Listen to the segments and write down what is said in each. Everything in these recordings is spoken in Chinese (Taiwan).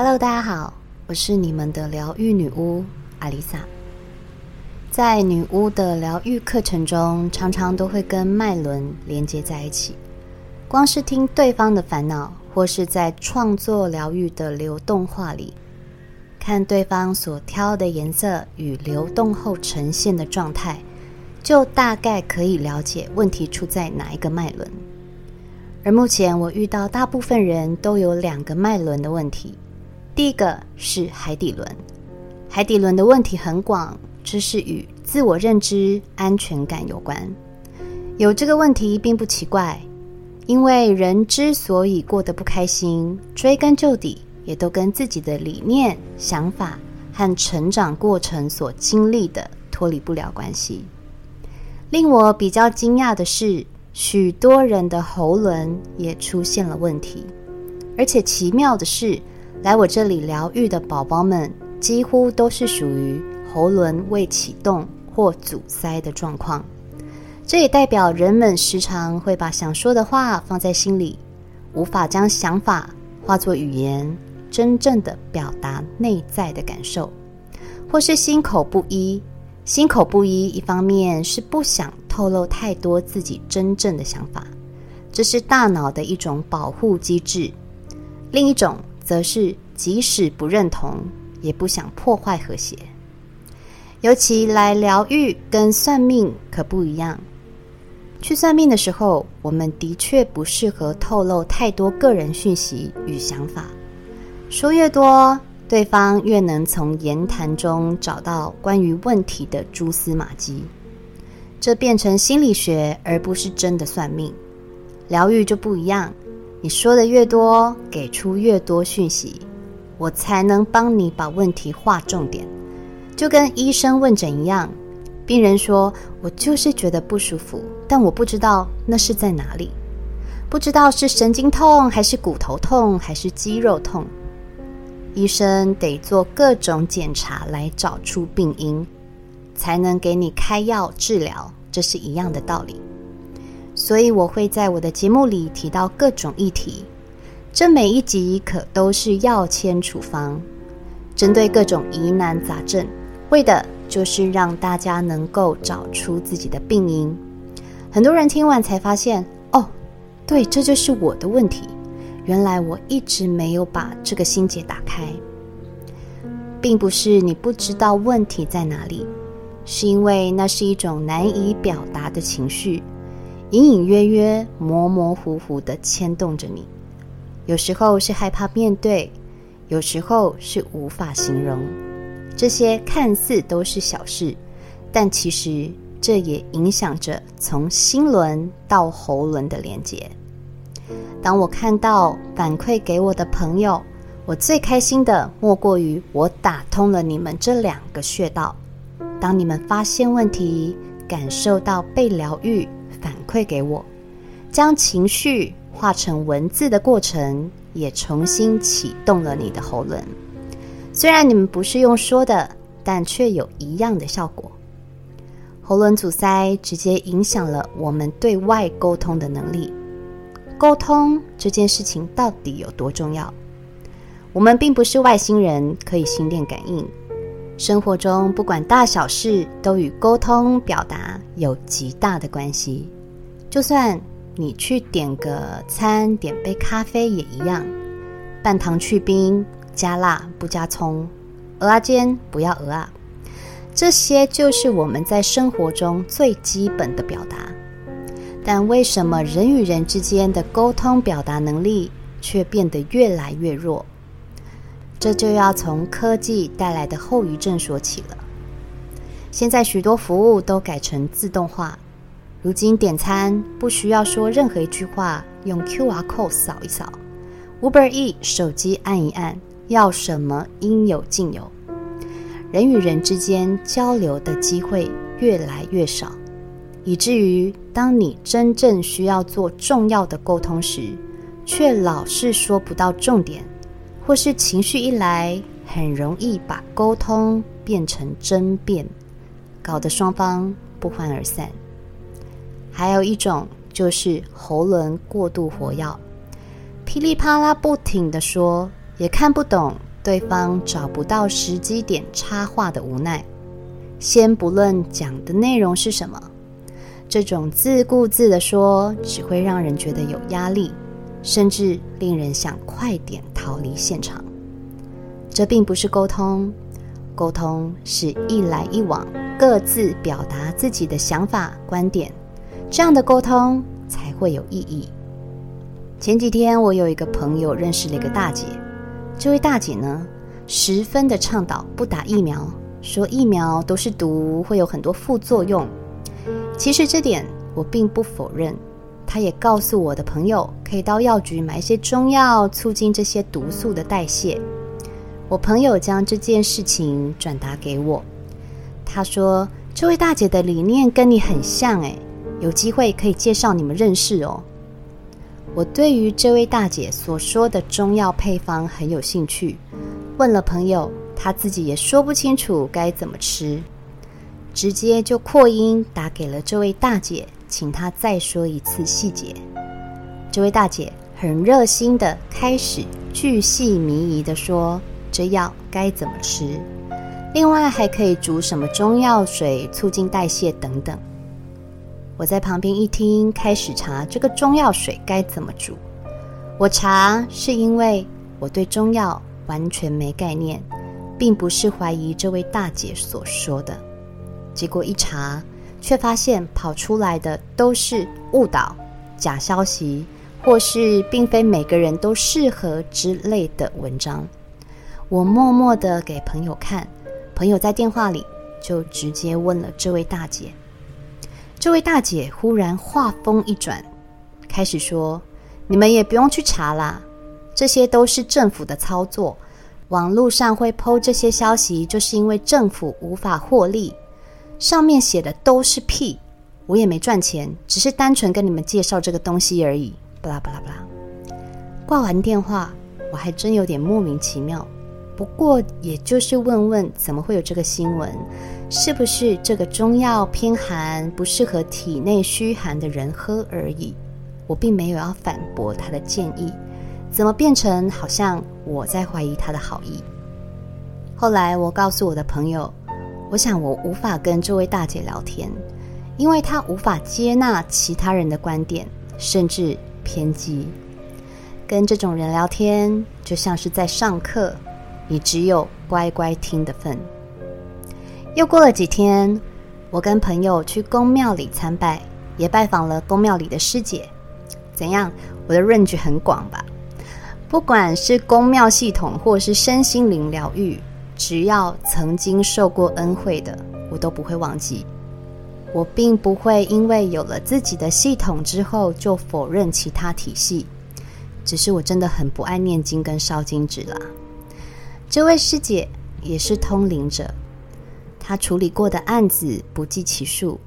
Hello，大家好，我是你們的療癒女巫阿麗薩。在女巫的療癒課程中，常常都會跟脈輪連接在一起。光是聽對方的煩惱，或是在創作療癒的流動畫裡，看對方所挑的顏色與流動後呈現的狀態，就大概可以了解問題出在哪一個脈輪。而目前我遇到大部分人都有兩個脈輪的問題。第一個是海底輪，海底輪的問題很廣，這是與自我認知、安全感有關。有這個問題並不奇怪，因為人之所以過得不開心，追根究底，也都跟自己的理念、想法和成長過程所經歷的脫離不了關係。令我比較驚訝的是，許多人的喉輪也出現了問題，而且奇妙的是，來我這裡療愈的寶寶們，幾乎都是屬於喉輪未啟動或阻塞的狀況。這也代表人們時常會把想說的話放在心裡，無法將想法化作語言，真正的表達內在的感受，或是心口不一。心口不一，一方面是不想透露太多自己真正的想法，這是大腦的一種保護機制；另一種。則是即使不認同，也不想破壞和諧。尤其來療癒跟算命可不一樣。去算命的時候，我們的確不適合透露太多個人訊息與想法。說越多，對方越能從言談中找到關於問題的蛛絲馬跡。這變成心理學，而不是真的算命。療癒就不一樣。你說的越多，給出越多訊息，我才能幫你把問題劃重點。就跟醫生問診一樣，病人說我就是覺得不舒服，但我不知道那是在哪裡，不知道是神經痛還是骨頭痛還是肌肉痛，醫生得做各種檢查來找出病因，才能給你開藥治療。這是一樣的道理。所以我會在我的節目裡提到各種議題，這每一集可都是藥籤處方，針對各種疑難雜症，為的就是讓大家能夠找出自己的病因。很多人聽完才發現，哦，對，這就是我的問題。原來我一直沒有把這個心結打開，並不是你不知道問題在哪裡，是因為那是一種難以表達的情緒。隱隱約約、模模糊糊地牽動着你，有時候是害怕面對，有時候是無法形容。這些看似都是小事，但其實這也影響着從心輪到喉輪的連接。當我看到反饋給我的朋友，我最開心的莫過於我打通了你們這兩個穴道。當你們發現問題，感受到被療癒。饋給我，將情緒化成文字的過程，也重新啟動了你的喉輪。雖然你們不是用說的，但卻有一樣的效果。喉輪阻塞直接影響了我們對外溝通的能力。溝通這件事情到底有多重要？我們並不是外星人，可以心電感應。生活中不管大小事，都與溝通表達有極大的關係。就算你去點個餐、點杯咖啡也一樣，半糖去冰，加辣不加蔥，蚵仔煎不要蚵仔，這些就是我們在生活中最基本的表達。但為什麼人與人之間的溝通表達能力卻變得越來越弱？這就要從科技帶來的後遺症說起了。現在許多服務都改成自動化。如今點餐不需要說任何一句話，用 QR code 掃一掃，Uber Eats 手機按一按，要什麼應有盡有。人與人之間交流的機會越來越少，以至於當你真正需要做重要的溝通時，卻老是說不到重點，或是情緒一來，很容易把溝通變成爭辯，搞得雙方不歡而散。還有一種就是喉輪過度活躍，噼里啪啦不停地說，也看不懂對方，找不到時機點插話的無奈。先不論講的內容是什麼，這種自顧自地說，只會讓人覺得有壓力，甚至令人想快點逃離現場。這並不是溝通，溝通是一來一往，各自表達自己的想法觀點。這樣的溝通才會有意義。前幾天我有一個朋友認識了一個大姐，這位大姐呢十分的倡導不打疫苗，說疫苗都是毒，會有很多副作用。其實這點我並不否認。她也告訴我的朋友，可以到藥局買一些中藥，促進這些毒素的代謝。我朋友將這件事情轉達給我，他說：“這位大姐的理念跟你很像，哎。”有機會可以介紹你們認識哦。我對於這位大姐所說的中藥配方很有興趣，問了朋友，她自己也說不清楚該怎麼吃，直接就擴音打給了這位大姐，請她再說一次細節。這位大姐很熱心的開始巨細靡遺的說這藥該怎麼吃，另外還可以煮什麼中藥水促進代謝等等。我在旁邊一聽，開始查這個中藥水該怎麼煮。我查是因為我對中藥完全沒概念，並不是懷疑這位大姐所說的。結果一查，卻發現跑出來的都是誤導、假消息，或是並非每個人都適合之類的文章。我默默的給朋友看，朋友在電話裡就直接問了這位大姐。這位大姐忽然話鋒一轉，開始說：“你們也不用去查啦，這些都是政府的操作。網絡上會 po 這些消息，就是因為政府無法獲利。上面寫的都是屁，我也沒賺錢，只是單純跟你們介紹這個東西而已。”巴拉巴拉巴拉。掛完電話，我還真有點莫名其妙。不過也就是問問，怎麼會有這個新聞？是不是這個中藥偏寒，不適合體內虛寒的人喝而已？我並沒有要反駁他的建議，怎麼變成好像我在懷疑他的好意？後來我告訴我的朋友，我想我無法跟這位大姐聊天，因為她無法接納其他人的觀點，甚至偏激。跟這種人聊天就像是在上課，你只有乖乖聽的份。又過了幾天，我跟朋友去宮廟裡參拜，也拜訪了宮廟裡的師姐。怎樣，我的 range 很廣吧？不管是宮廟系統，或是身心靈療愈，只要曾經受過恩惠的，我都不會忘記。我並不會因為有了自己的系統之後就否認其他體系，只是我真的很不愛念經跟燒金紙啦。這位師姐也是通靈者。他處理過的案子不計其數，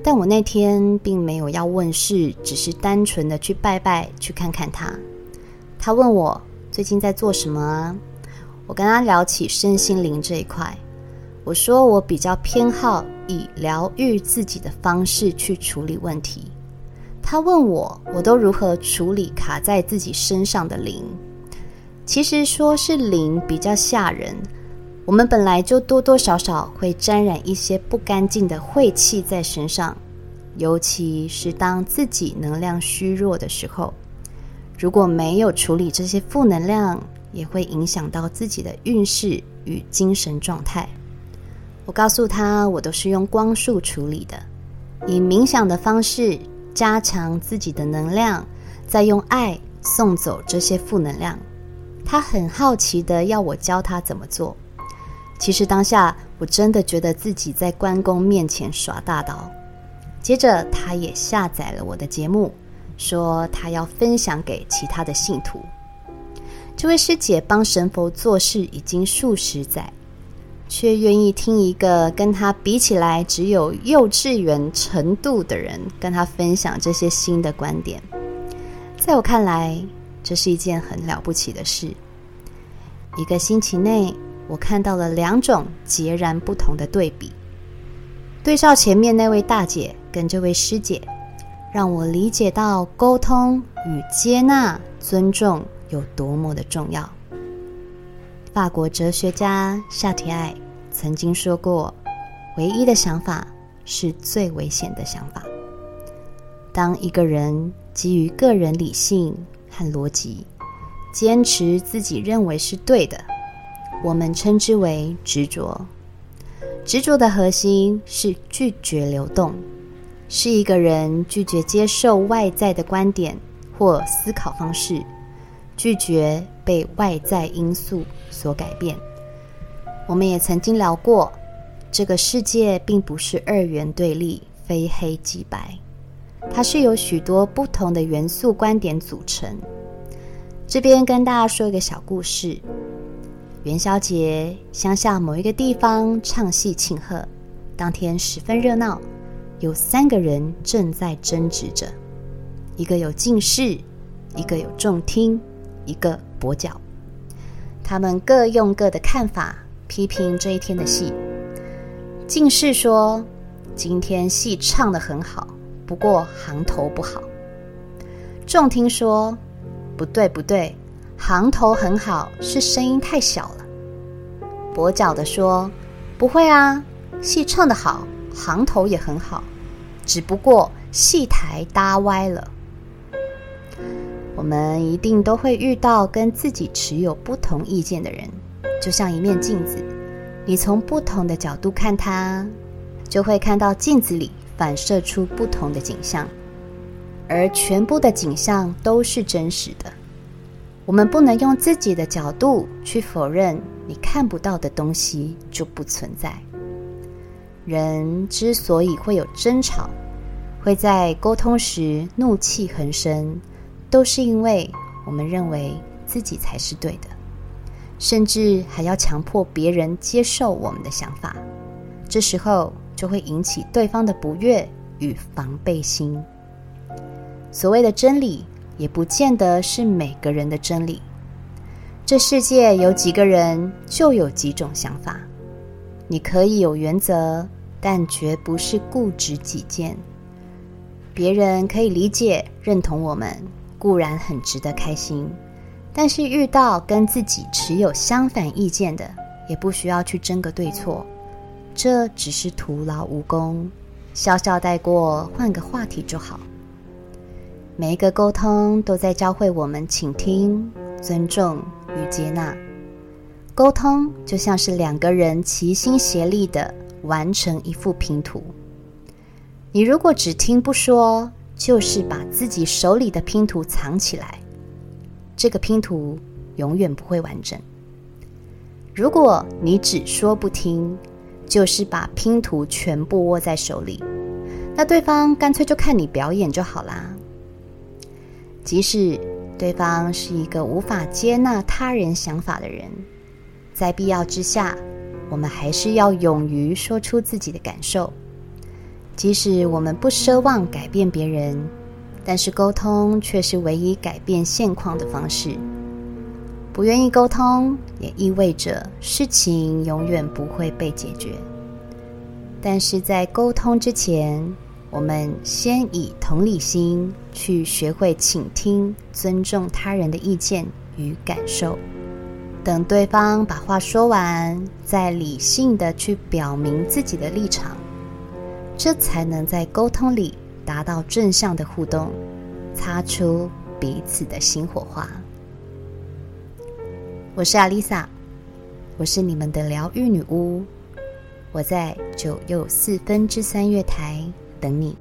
但我那天並沒有要問事，只是單純的去拜拜，去看看他。他問我最近在做什麼啊？我跟他聊起身心靈這一塊，我說我比較偏好以療癒自己的方式去處理問題。他問我我都如何處理卡在自己身上的靈？其實說是靈比較嚇人。我們本來就多多少少會沾染一些不乾淨的晦氣在身上，尤其是當自己能量虛弱的時候，如果沒有處理這些負能量，也會影響到自己的運勢與精神狀態。我告訴他，我都是用光束處理的，以冥想的方式加強自己的能量，再用愛送走這些負能量。他很好奇的要我教他怎麼做。其實當下，我真的覺得自己在關公面前耍大刀。接着，他也下載了我的節目，說他要分享給其他的信徒。這位師姐幫神佛做事已經數十載，卻願意聽一個跟他比起來只有幼稚園程度的人跟他分享這些新的觀點。在我看來，這是一件很了不起的事。一個星期內。我看到了兩種截然不同的對比，對照前面那位大姐跟這位師姐，讓我理解到溝通與接納、尊重有多麼的重要。法國哲學家夏提埃曾經說過：“唯一的想法是最危險的想法。”當一個人基於個人理性和邏輯，堅持自己認為是對的。我們稱之為執着。執着的核心是拒絕流動，是一個人拒絕接受外在的觀點或思考方式，拒絕被外在因素所改變。我們也曾經聊過，這個世界並不是二元對立，非黑即白，它是由許多不同的元素、觀點組成。這邊跟大家說一個小故事。元宵節，鄉下某一個地方唱戲慶賀，當天十分熱鬧。有三個人正在爭執着：一個有近視，一個有重聽，一個跛腳。他們各用各的看法批評這一天的戲。近視說：“今天戲唱得很好，不過行頭不好。”重聽說：“不對，不對。”行頭很好，是聲音太小了。跛腳的說：“不會啊，戲唱得好，行頭也很好，只不過戲台搭歪了。”我們一定都會遇到跟自己持有不同意見的人，就像一面鏡子，你從不同的角度看它，就會看到鏡子裡反射出不同的景象，而全部的景象都是真實的。我們不能用自己的角度去否認你看不到的東西就不存在。人之所以會有爭吵，會在溝通時怒氣橫生，都是因為我們認為自己才是對的，甚至還要強迫別人接受我們的想法，這時候就會引起對方的不悅與防備心。所謂的真理。也不見得是每個人的真理。這世界有幾個人，就有幾種想法。你可以有原則，但絕不是固執己見。別人可以理解、認同我們，固然很值得開心。但是遇到跟自己持有相反意見的，也不需要去爭個對錯，這只是徒勞無功。笑笑帶過，換個話題就好。每一個溝通都在教會我們傾聽、尊重與接納。溝通就像是兩個人齊心協力地完成一幅拼圖。你如果只聽不說，就是把自己手裡的拼圖藏起來，這個拼圖永遠不會完整。如果你只說不聽，就是把拼圖全部握在手裡，那對方乾脆就看你表演就好啦。即使對方是一個無法接納他人想法的人，在必要之下，我們還是要勇於說出自己的感受。即使我們不奢望改變別人，但是溝通卻是唯一改變現況的方式。不願意溝通，也意味着事情永遠不會被解決。但是在溝通之前，我們先以同理心去學會傾聽、尊重他人的意見與感受，等對方把話說完，再理性的去表明自己的立場，這才能在溝通裡達到正向的互動，擦出彼此的新火花。我是阿麗薩，我是你們的療癒女巫，我在九又四分之三月台等你。